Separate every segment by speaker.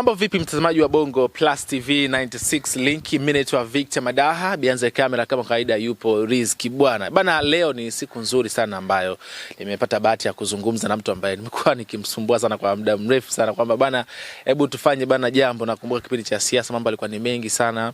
Speaker 1: Mambo vipi mtazamaji wa Bongo Plus TV 96 linki minute wa Victor Madaha bianze kamera kama kawaida, yupo Rizki bwana bana. Leo ni siku nzuri sana ambayo nimepata bahati ya kuzungumza na mtu ambaye nimekuwa nikimsumbua sana kwa muda mrefu sana kwamba bana, hebu tufanye bana jambo. Nakumbuka kipindi cha siasa mambo alikuwa ni mengi sana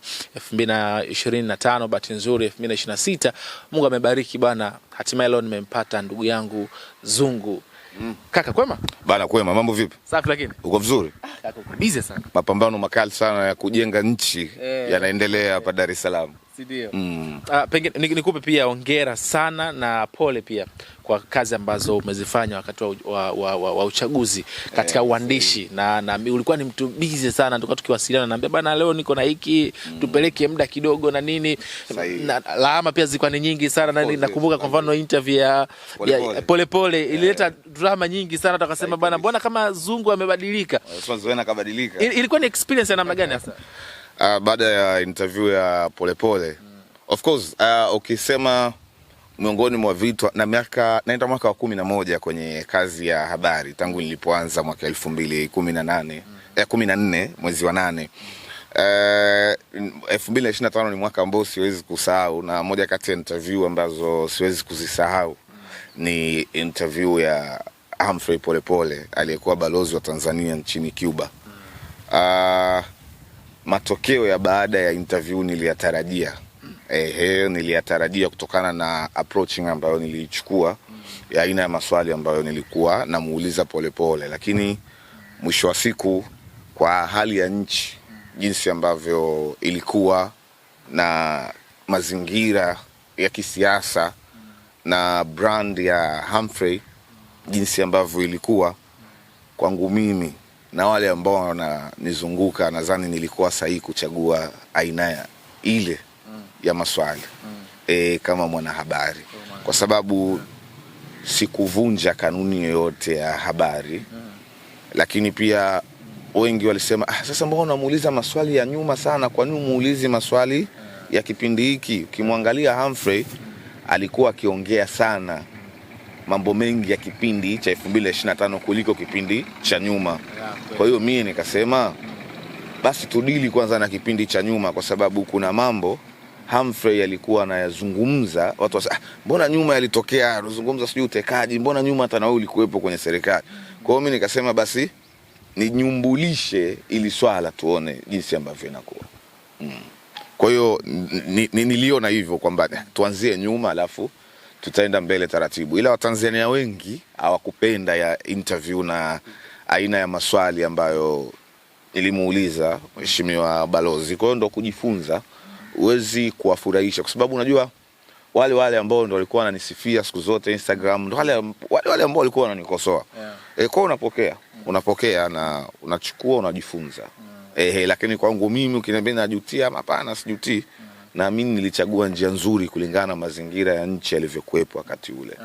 Speaker 1: 2025, bahati nzuri 2026, Mungu amebariki bana, hatimaye leo nimempata ndugu yangu Zungu Mm. Kaka kwema?
Speaker 2: Bana kwema, mambo vipi? Safi lakini. Uko vizuri? Ah,
Speaker 1: kaka uko busy sana.
Speaker 2: Mapambano makali sana ya kujenga nchi eh, yanaendelea hapa eh, Dar es Salaam.
Speaker 1: Ndio. Mm. Ah, nikupe pia ongera sana na pole pia kwa kazi ambazo umezifanya wakati wa, wa, wa, wa, wa uchaguzi katika yeah, uandishi na, na ulikuwa ni mtu busy sana, tulikuwa tukiwasiliana, naambia bana, leo niko na hiki mm. tupeleke muda kidogo na nini Sahi. na lawama pia zilikuwa ni nyingi sana na nakumbuka kwa mfano interview ya polepole pole, pole, yeah. Eh. ilileta drama nyingi sana, tukasema bana, mbona kama Zungu amebadilika, ilikuwa ni experience ya namna gani sasa?
Speaker 2: Uh, baada ya interview ya Polepole Mm. Of course ah, ukisema uh, miongoni mwa vitu na miaka naenda mwaka wa kumi na moja kwenye kazi ya habari tangu nilipoanza mwaka elfu mbili kumi na nane eh, kumi na nne mwezi wa nane eh, elfu mbili na ishirini na tano ni mwaka ambao siwezi kusahau, na moja kati ya interview ambazo siwezi kuzisahau ni interview ya Humphrey Polepole aliyekuwa balozi wa Tanzania nchini Cuba matokeo ya baada ya interview niliyatarajia. Ehe, niliyatarajia kutokana na approaching ambayo niliichukua ya aina ya maswali ambayo nilikuwa namuuliza Polepole, lakini mwisho wa siku kwa hali ya nchi jinsi ambavyo ilikuwa na mazingira ya kisiasa na brand ya Humphrey jinsi ambavyo ilikuwa, kwangu mimi na wale ambao wananizunguka, nadhani nilikuwa sahihi kuchagua aina ya ile ya maswali mm. e, kama mwanahabari kwa sababu sikuvunja kanuni yoyote ya habari mm. lakini pia wengi walisema ah, sasa mbona unamuuliza maswali ya nyuma sana, kwa nini muulizi maswali mm. ya kipindi hiki? Ukimwangalia Humphrey alikuwa akiongea sana mm. mambo mengi ya kipindi cha 2025 kuliko kipindi cha nyuma. Kwa hiyo mimi nikasema basi tudili kwanza na kipindi cha nyuma, kwa sababu kuna mambo Humphrey alikuwa anayazungumza, watu wasa, ah, mbona nyuma yalitokea anazungumza sijui utekaji, mbona nyuma hata na wewe ulikuwepo kwenye serikali. Kwa hiyo mimi nikasema basi ninyumbulishe ili swala tuone jinsi ambavyo inakuwa mm. Kwa hiyo niliona hivyo kwamba tuanzie nyuma alafu tutaenda mbele taratibu, ila Watanzania wengi hawakupenda ya interview na aina ya maswali ambayo nilimuuliza mheshimiwa balozi. Kwa hiyo ndo kujifunza, huwezi kuwafurahisha kwa sababu unajua wale wale ambao ndo walikuwa wananisifia siku zote Instagram, ndo wale wale, wale ambao walikuwa wananikosoa yeah. E, kwa unapokea unapokea na unachukua unajifunza mm. Ehe, lakini kwangu mimi ukiniambia najutia, hapana, sijutii mm naamini nilichagua njia nzuri kulingana na mazingira ya nchi yalivyokuwepo wakati ule.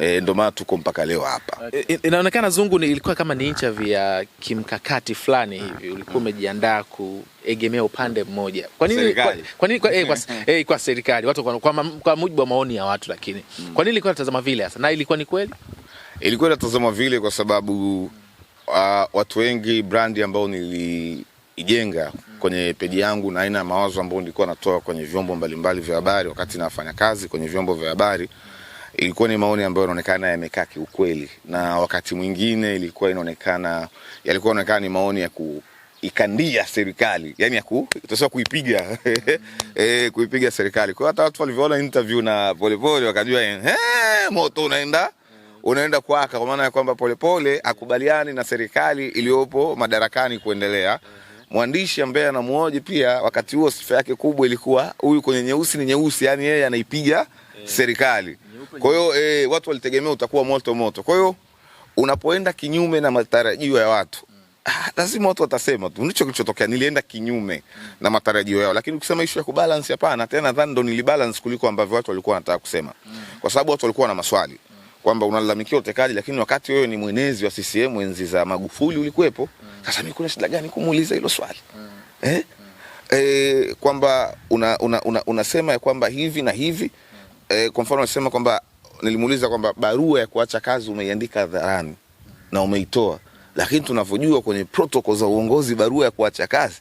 Speaker 2: E, ndio maana tuko mpaka leo hapa.
Speaker 1: Okay. Eh, inaonekana Zungu ni ilikuwa kama ni interview ya kimkakati fulani ah. hivi, ulikuwa umejiandaa kuegemea upande mmoja. Kwa nini kwa, kwa nini kwa, eh, kwa, eh, kwa serikali watu kwa, kwa, kwa mujibu wa maoni ya watu, lakini hmm. kwa nini ilikuwa natazama vile hasa, na ilikuwa ni kweli
Speaker 2: ilikuwa natazama vile kwa sababu uh, watu wengi brandi ambao niliijenga kwenye peji yangu na aina ya mawazo ambayo nilikuwa natoa kwenye vyombo mbalimbali vya habari wakati nafanya kazi kwenye vyombo vya habari, ilikuwa ni maoni ambayo yanaonekana yamekaa kiukweli, na wakati mwingine ilikuwa inaonekana yalikuwa inaonekana ni maoni ya ku ikandia serikali yani ya kutosa kuipiga e, kuipiga serikali. Kwa hata watu walivyoona interview na Polepole wakajua eh, moto unaenda unaenda kwaka, kwa maana ya kwamba Polepole akubaliani na serikali iliyopo madarakani kuendelea mwandishi ambaye anamwoji pia wakati huo sifa yake kubwa ilikuwa huyu kwenye nyeusi ni nyeusi, yani yeye anaipiga e, serikali. Kwa hiyo e, watu walitegemea utakuwa moto moto. Kwa hiyo unapoenda kinyume na matarajio ya watu mm. ah, lazima watu watasema tu ndicho kilichotokea. Nilienda kinyume mm. na matarajio yao, lakini ukisema issue ya kubalance, hapana. Tena nadhani ndo nilibalance kuliko ambavyo watu walikuwa wanataka kusema, mm. kwa sababu watu walikuwa na maswali kwamba unalalamikia utekaji, lakini wakati wewe ni mwenezi wa CCM enzi za Magufuli ulikuwepo. Mm. Sasa mimi kuna shida gani kumuuliza hilo swali mm. eh? Mm. Eh, kwamba una, una, una, unasema ya kwamba hivi na hivi eh, kwa mfano unasema kwamba nilimuuliza kwamba barua ya kuacha kazi umeiandika hadharani na umeitoa, lakini tunavyojua kwenye protokoli za uongozi barua ya kuacha kazi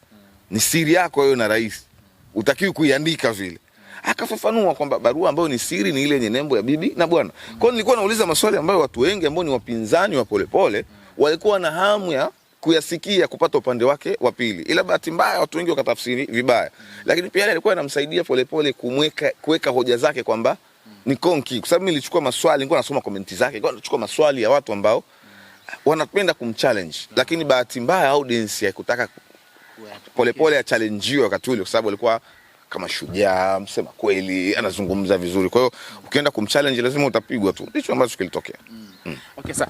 Speaker 2: ni siri yako wewe na rais, utakiwi kuiandika vile akafafanua kwamba barua ambayo ni siri ni ile yenye nembo ya bibi na bwana. Kwa hiyo nilikuwa nauliza maswali ambayo watu wengi ambao ni wapinzani wa Polepole walikuwa na hamu ya kuyasikia kupata upande wake wa pili, ila bahati mbaya watu wengi wakatafsiri vibaya, lakini pia alikuwa anamsaidia Polepole kumweka kuweka hoja zake kwamba ni konki, kwa sababu nilichukua maswali, nilikuwa nasoma komenti zake, kwa nachukua maswali ya watu ambao wanapenda kumchallenge, lakini bahati mbaya audience haikutaka Polepole achallenjiwe wakati ule, kwa sababu alikuwa kama shujaa, msema kweli, anazungumza vizuri. Kwa hiyo ukienda kumchallenge lazima utapigwa tu, ndicho ambacho kilitokea. mm.
Speaker 1: Okay, sasa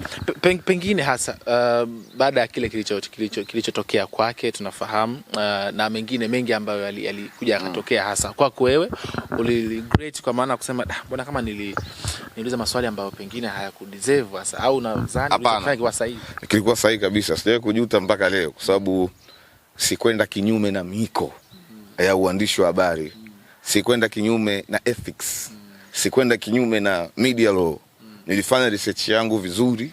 Speaker 1: pengine hasa uh, baada ya kile kilichotokea kilicho, kilicho kwake tunafahamu uh, na mengine mengi ambayo yalikuja yali mm. yakatokea hasa kwako wewe uligreat kwa maana kusema ah, mbona kama nili niuliza maswali ambayo pengine hayakudeserve hasa au nadhani ulifanya sahihi. Kilikuwa sahihi kabisa, sijawahi kujuta mpaka leo kwa sababu sikwenda kinyume na miko ya uandishi wa habari,
Speaker 2: sikwenda kinyume na ethics, sikwenda kinyume na media law. Nilifanya research yangu vizuri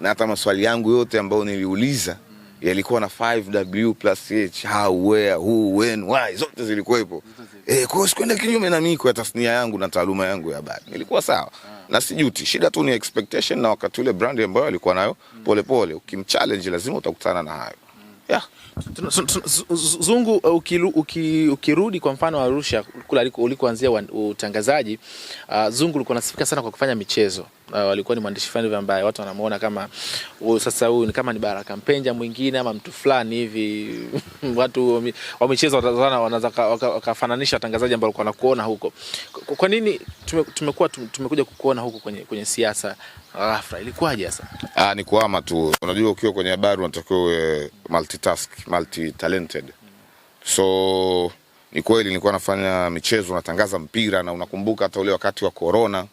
Speaker 2: na hata maswali yangu yote ambayo niliuliza yalikuwa na 5W plus H, how, where, who, when, why, zote zilikuwepo. Eh, kwa hiyo sikwenda kinyume na miko ya tasnia yangu na taaluma yangu ya habari, nilikuwa sawa na sijuti. Shida tu ni expectation na wakati ule brand ambayo alikuwa nayo Polepole. Ukimchallenge lazima utakutana na hayo.
Speaker 1: Yeah. Zungu, uh, ukirudi kwa mfano Arusha kule ulikoanzia utangazaji, uh, Zungu ulikuwa nasifika sana kwa kufanya michezo. Ah, walikuwa ni mwandishi fulani ambaye watu wanamuona kama huyu oh, sasa huyu ni kama ni Baraka Mpenja mwingine ama mtu fulani hivi watu wa michezo watazana wanaweza wakafananisha watangazaji ambao walikuwa wanakuona huko. Kwa nini tumekuwa tumekuja kukuona huko kwenye, kwenye siasa ghafla, ilikuwaje sasa?
Speaker 2: Ah, ni kuama tu. Unajua, ukiwa kwenye habari unatakiwa uwe multitask, multi talented. So ni kweli nilikuwa nafanya michezo, natangaza mpira na unakumbuka hata ule wakati wa corona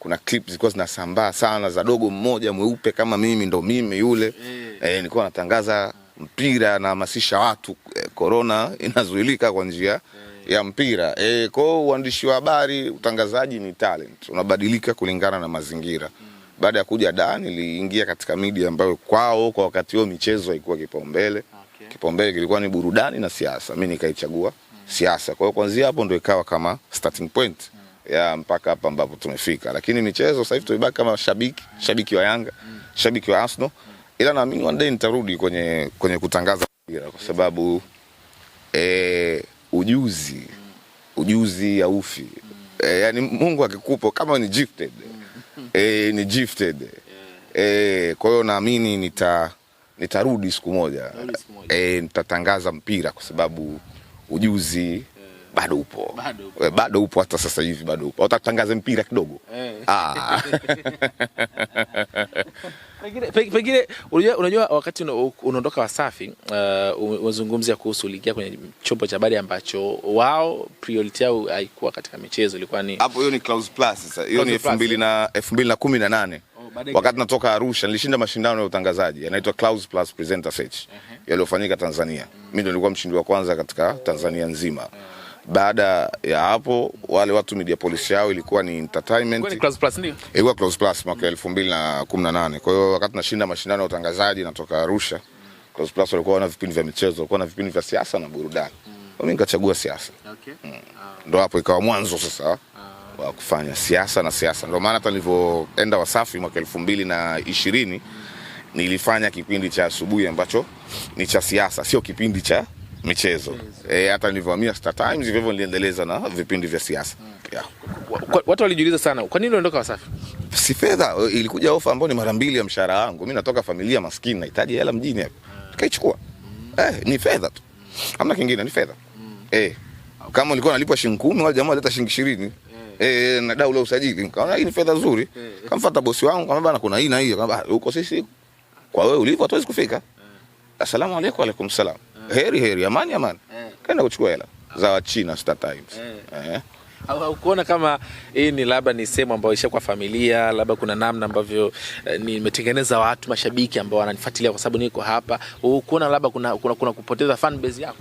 Speaker 2: kuna clip zilikuwa zinasambaa sana za dogo mmoja mweupe kama mimi, ndo mimi yule eh, eh nilikuwa natangaza mpira, nahamasisha watu korona eh, inazuilika kwa njia eh. ya mpira e, kwao uandishi wa habari, utangazaji ni talent, unabadilika kulingana na mazingira hmm. Baada ya kuja da niliingia katika media ambayo kwao kwa wakati huo michezo haikuwa kipaumbele okay. Kipaumbele kilikuwa ni burudani na siasa, mi nikaichagua mm. siasa. Kwa hiyo kwanzia hapo ndo ikawa kama starting point mm ya mpaka hapa ambapo tumefika, lakini michezo sasa hivi tumebaki kama shabiki, shabiki wa Yanga, shabiki wa Arsenal, ila naamini one day nitarudi kwenye, kwenye kutangaza mpira kwa sababu e, ujuzi ujuzi ufi e, yani Mungu akikupa kama ni gifted e, ni gifted e, kwa hiyo naamini nita nitarudi siku moja e, nitatangaza mpira kwa sababu ujuzi bado upo bado upo, eh, bado upo hata sasa hivi bado upo. Utatangaza mpira kidogo eh. Ah.
Speaker 1: Pengine, unajua, unajua wakati unaondoka Wasafi uh, kuhusu uliingia kwenye chombo cha habari ambacho wao priority yao haikuwa katika michezo, ilikuwa ni
Speaker 2: hapo. Hiyo ni Clouds Plus sasa, hiyo ni 2000 na 2018 wakati natoka Arusha nilishinda mashindano ya utangazaji yanaitwa Clouds Plus Presenter Search uh-huh. yaliyofanyika Tanzania. Mm. Mimi ndo nilikuwa mshindi wa kwanza katika Tanzania nzima. Uh-huh. Baada ya hapo wale watu media policy yao ilikuwa ni entertainment,
Speaker 1: ilikuwa Clouds Plus ndio
Speaker 2: ilikuwa close plus mwaka 2018 Kwa hiyo wakati nashinda mashindano ya utangazaji natoka Arusha, close Plus walikuwa wana vipindi vya michezo, walikuwa na vipindi vya siasa na burudani. Mm. Mimi nikachagua siasa, okay mm. ndio hapo ikawa mwanzo sasa ah. wa kufanya siasa na siasa. Ndio maana hata nilivyoenda Wasafi mwaka 2020 mbili nilifanya kipindi cha asubuhi ambacho ni cha siasa, sio kipindi cha michezo e, hata nilivyohamia Star Times hivyo hivyo niliendeleza na vipindi vya siasa hmm. yeah.
Speaker 1: Watu walijiuliza sana, kwa nini uliondoka Wasafi?
Speaker 2: Si fedha, ilikuja ofa ambayo ni mara mbili ya mshahara wangu. Mimi natoka familia maskini, nahitaji hela mjini hapo, nikaichukua. Hmm. Hmm. Eh, ni fedha tu, hamna kingine, ni fedha eh. Kama nilikuwa nalipwa shilingi 10 wale jamaa walileta shilingi 20 eh, eh, na dau la usajili, nikaona hii ni fedha nzuri. Kamfuata bosi wangu, kama bana, kuna hii na hii, kama huko ah, sisi kwa wewe ulivyo hatuwezi kufika. Asalamu alaykum, alaykum salam heri heri, amani amani, eh. Kaenda kuchukua hela za Wachina Star Times eh. Eh.
Speaker 1: Au hukuona kama hii ni labda ni sehemu ambayo isha kwa familia, labda kuna namna ambavyo eh, nimetengeneza watu mashabiki ambao wananifuatilia kwa sababu niko hapa. Hukuona labda kuna, kuna, kuna kupoteza fan base yako?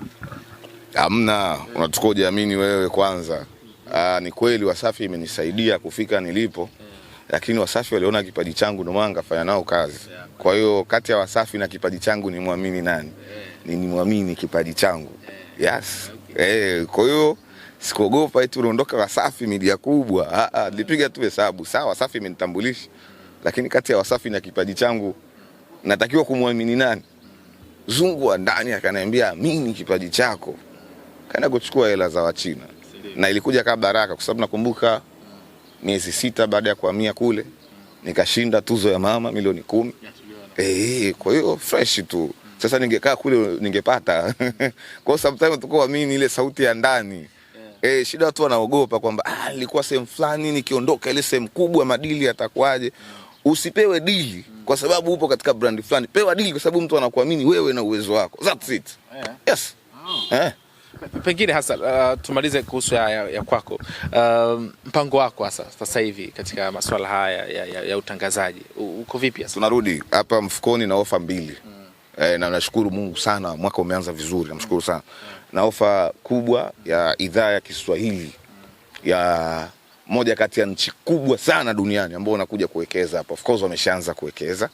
Speaker 2: Hamna, eh. Unachukua jamini wewe kwanza. Aa, ah, ni kweli Wasafi imenisaidia kufika nilipo eh. Lakini Wasafi waliona kipaji changu ndio maana nikafanya nao kazi. Kwa hiyo kati ya Wasafi na kipaji changu ni mwamini nani? Eh nimwamini kipaji changu yes. Eh, kwa hiyo sikuogopa eti unaondoka Wasafi media kubwa. Ah, ah, nilipiga tu hesabu sawa, Wasafi imenitambulisha, lakini kati ya Wasafi na kipaji changu natakiwa kumwamini nani? Zungu wa ndani akaniambia amini kipaji chako, kaenda kuchukua hela za Wachina na ilikuja kama baraka, kwa sababu nakumbuka miezi sita baada ya kuhamia kule nikashinda tuzo ya mama milioni kumi. Eh, kwa hiyo fresh tu sasa ningekaa kule ningepata. Kwa hiyo sometimes tuko amini ile sauti ya ndani. Eh, shida watu wanaogopa kwamba ah, nilikuwa sehemu fulani nikiondoka ile sehemu kubwa madili atakuaje? Mm. Usipewe dili mm. kwa sababu upo katika brandi fulani. Pewa dili kwa sababu mtu anakuamini wewe na uwezo wako. That's it. Yes. Oh. Eh.
Speaker 1: Pengine hasa uh, tumalize kuhusu ya, ya, ya kwako uh, mpango wako hasa sasa hivi katika masuala haya ya, ya, ya utangazaji uko vipi hasa?
Speaker 2: Tunarudi hapa mfukoni na ofa mbili eh, na nashukuru Mungu sana, mwaka umeanza vizuri, namshukuru sana na ofa kubwa ya idhaa ya Kiswahili ya moja kati ya nchi kubwa sana duniani ambao wanakuja kuwekeza hapa. Of course wameshaanza kuwekeza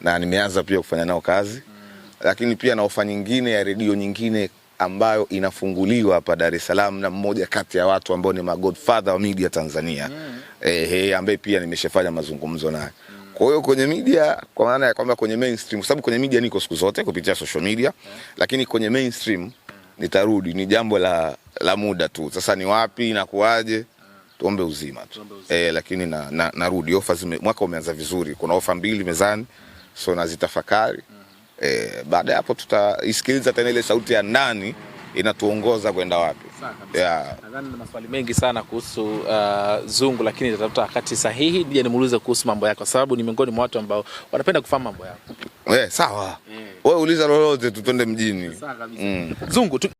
Speaker 2: na nimeanza pia kufanya nao kazi lakini pia na ofa nyingine ya redio nyingine ambayo inafunguliwa hapa Dar es Salaam na mmoja kati ya watu ambao ni magodfather wa media Tanzania mm Ehe, eh, ambaye pia nimeshafanya mazungumzo naye mm kwa hiyo kwenye media kwa maana ya kwamba kwenye mainstream, sababu kwenye media niko siku zote kupitia social media Lakini kwenye mainstream nitarudi, ni jambo la, la muda tu. Sasa ni wapi na yeah. Tuombe uzima tu eh, lakini na, na, narudi ofa zime, mwaka umeanza vizuri, kuna ofa mbili mezani So nazitafakari mm-hmm. Eh, baada ya hapo tutaisikiliza tena ile sauti ya ndani inatuongoza kwenda wapi. Yeah.
Speaker 1: Nadhani na maswali mengi sana kuhusu uh, Zungu, lakini nitatafuta wakati sahihi nije nimuulize kuhusu mambo yake, kwa sababu ni miongoni mwa watu ambao wanapenda kufahamu mambo yako.
Speaker 2: Eh, sawa. Eh. Wewe Uliza lolote tutende mjini. Sawa kabisa. Mm. Zungu tu